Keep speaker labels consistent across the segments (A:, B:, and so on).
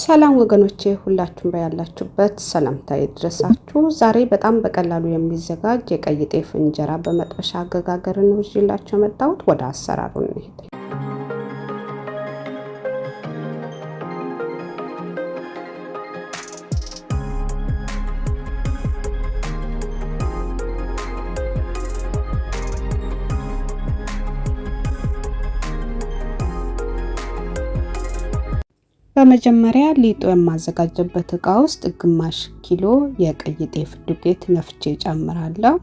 A: ሰላም ወገኖቼ ሁላችሁም በያላችሁበት ሰላምታ ይድረሳችሁ። ዛሬ በጣም በቀላሉ የሚዘጋጅ የቀይ ጤፍ እንጀራ በመጥበሻ አገጋገር ነው ይዤላችሁ የመጣሁት። ወደ አሰራሩ እንሄድ። በመጀመሪያ ሊጡ የማዘጋጀበት እቃ ውስጥ ግማሽ ኪሎ የቀይ ጤፍ ዱቄት ነፍቼ ጨምራለሁ።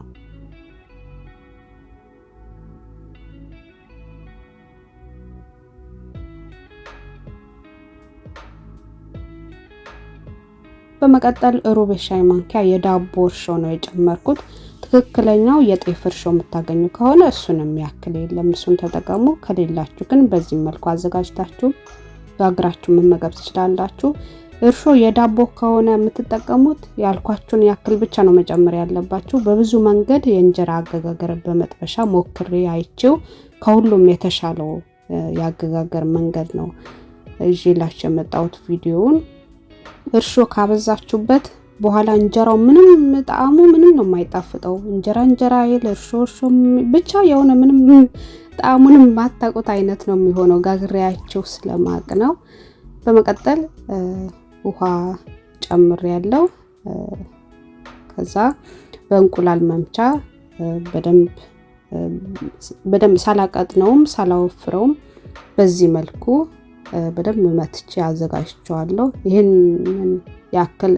A: በመቀጠል ሩብ ሻይ ማንኪያ የዳቦ እርሾ ነው የጨመርኩት። ትክክለኛው የጤፍ እርሾ የምታገኙ ከሆነ እሱንም ያክል የለም፣ እሱን ተጠቀሙ። ከሌላችሁ ግን በዚህ መልኩ አዘጋጅታችሁ ጋግራችሁ መመገብ ትችላላችሁ። እርሾ የዳቦ ከሆነ የምትጠቀሙት ያልኳችሁን ያክል ብቻ ነው መጨመር ያለባችሁ። በብዙ መንገድ የእንጀራ አገጋገር በመጥበሻ ሞክሬ አይቼው ከሁሉም የተሻለው የአገጋገር መንገድ ነው ይዤላችሁ የመጣሁት ቪዲዮውን እርሾ ካበዛችሁበት በኋላ እንጀራው ምንም ጣዕሙ ምንም ነው የማይጣፍጠው። እንጀራ እንጀራ ይል እርሾ እርሾ ብቻ የሆነ ምንም ጣዕሙንም ማታውቁት አይነት ነው የሚሆነው። ጋግሬያቸው ስለማቅ ነው። በመቀጠል ውሃ ጨምር ያለው ከዛ በእንቁላል መምቻ በደንብ ሳላቀጥነውም ሳላወፍረውም በዚህ መልኩ በደንብ መትቼ አዘጋጅቸዋለሁ። ይህንን ያክል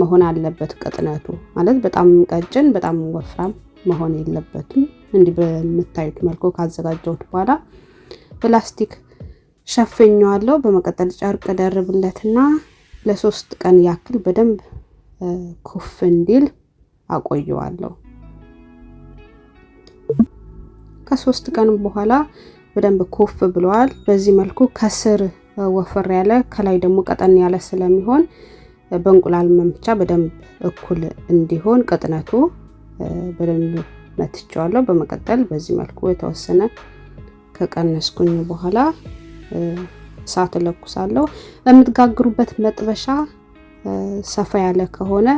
A: መሆን አለበት ቅጥነቱ ማለት በጣም ቀጭን በጣም ወፍራም መሆን የለበትም። እንዲህ በምታዩት መልኩ ካዘጋጀሁት በኋላ ፕላስቲክ ሸፍኘዋለሁ። በመቀጠል ጨርቅ ደርብለትና ለሶስት ቀን ያክል በደንብ ኩፍ እንዲል አቆየዋለሁ። ከሶስት ቀን በኋላ በደንብ ኩፍ ብለዋል። በዚህ መልኩ ከስር ወፈር ያለ ከላይ ደግሞ ቀጠን ያለ ስለሚሆን በእንቁላል መምቻ በደንብ እኩል እንዲሆን ቅጥነቱ በደንብ መትቸዋለሁ። በመቀጠል በዚህ መልኩ የተወሰነ ከቀነስኩኝ በኋላ እሳት እለኩሳለሁ። የምትጋግሩበት መጥበሻ ሰፋ ያለ ከሆነ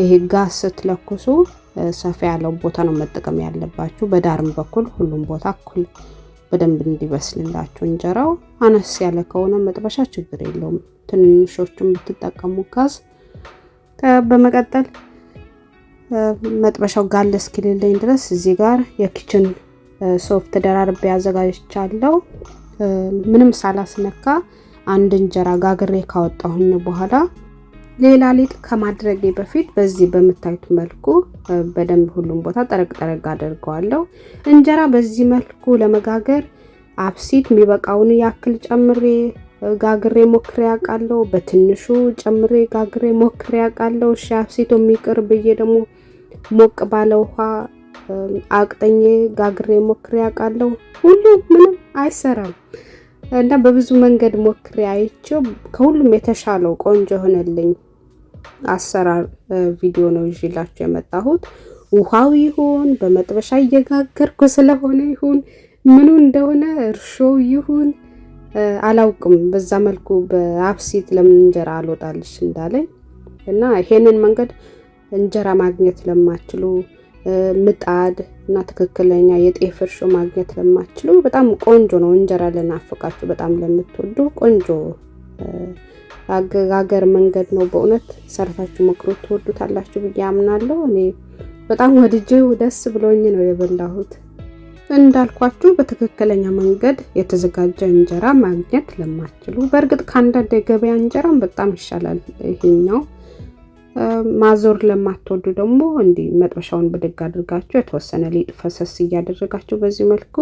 A: ይሄ ጋዝ ስትለኩሱ ሰፋ ያለው ቦታ ነው መጠቀም ያለባችሁ። በዳርም በኩል ሁሉም ቦታ እኩል በደንብ እንዲበስልላችሁ እንጀራው አነስ ያለ ከሆነ መጥበሻ ችግር የለውም። ትንንሾቹን ብትጠቀሙ ጋዝ። በመቀጠል መጥበሻው ጋለ እስኪልልኝ ድረስ እዚህ ጋር የኪችን ሶፍት ደራርቤ አዘጋጅቻለሁ። ምንም ሳላስነካ አንድ እንጀራ ጋግሬ ካወጣሁኝ በኋላ ሌላ ሊጥ ከማድረጌ በፊት በዚህ በምታዩት መልኩ በደንብ ሁሉም ቦታ ጠረቅ ጠረቅ አደርገዋለሁ። እንጀራ በዚህ መልኩ ለመጋገር አብሲት የሚበቃውን ያክል ጨምሬ ጋግሬ ሞክሬ ያውቃለሁ። በትንሹ ጨምሬ ጋግሬ ሞክሬ አውቃለሁ እሺ አብሲቶ የሚቅር ብዬ ደግሞ ሞቅ ባለ ውሃ አቅጠኜ ጋግሬ ሞክሬ ያውቃለሁ። ሁሉ ምንም አይሰራም እና በብዙ መንገድ ሞክሬ አይቼው ከሁሉም የተሻለው ቆንጆ ሆነልኝ አሰራር ቪዲዮ ነው ይዤላችሁ የመጣሁት። ውሃው ይሁን በመጥበሻ እየጋገርኩ ስለሆነ ይሁን ምኑ እንደሆነ እርሾ ይሁን አላውቅም። በዛ መልኩ በአብሲት ለምን እንጀራ አልወጣልሽ እንዳለኝ እና ይሄንን መንገድ እንጀራ ማግኘት ለማችሉ ምጣድ እና ትክክለኛ የጤፍ እርሾ ማግኘት ለማችሉ በጣም ቆንጆ ነው። እንጀራ ለናፈቃችሁ በጣም ለምትወዱ ቆንጆ አገጋገር መንገድ ነው። በእውነት ሰርታችሁ ሞክሩት፣ ትወዱታላችሁ ብዬ አምናለሁ። እኔ በጣም ወድጄው ደስ ብሎኝ ነው የበላሁት። እንዳልኳችሁ በትክክለኛ መንገድ የተዘጋጀ እንጀራ ማግኘት ለማትችሉ፣ በእርግጥ ከአንዳንድ የገበያ እንጀራም በጣም ይሻላል ይሄኛው። ማዞር ለማትወዱ ደግሞ እንዲህ መጥበሻውን ብድግ አድርጋችሁ የተወሰነ ሊጥ ፈሰስ እያደረጋችሁ በዚህ መልኩ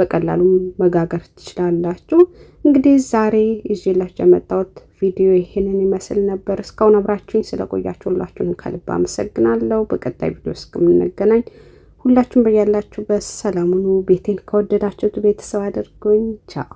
A: በቀላሉ መጋገር ትችላላችሁ። እንግዲህ ዛሬ ይዤላችሁ የመጣሁት ቪዲዮ ይህንን ይመስል ነበር። እስካሁን አብራችሁኝ ስለቆያችሁ ሁላችሁንም ከልብ አመሰግናለሁ። በቀጣይ ቪዲዮ እስከምንገናኝ ሁላችሁም በያላችሁበት ሰላም ሁኑ። ቤቴን ከወደዳችሁት ቤተሰብ አድርጉኝ። ቻው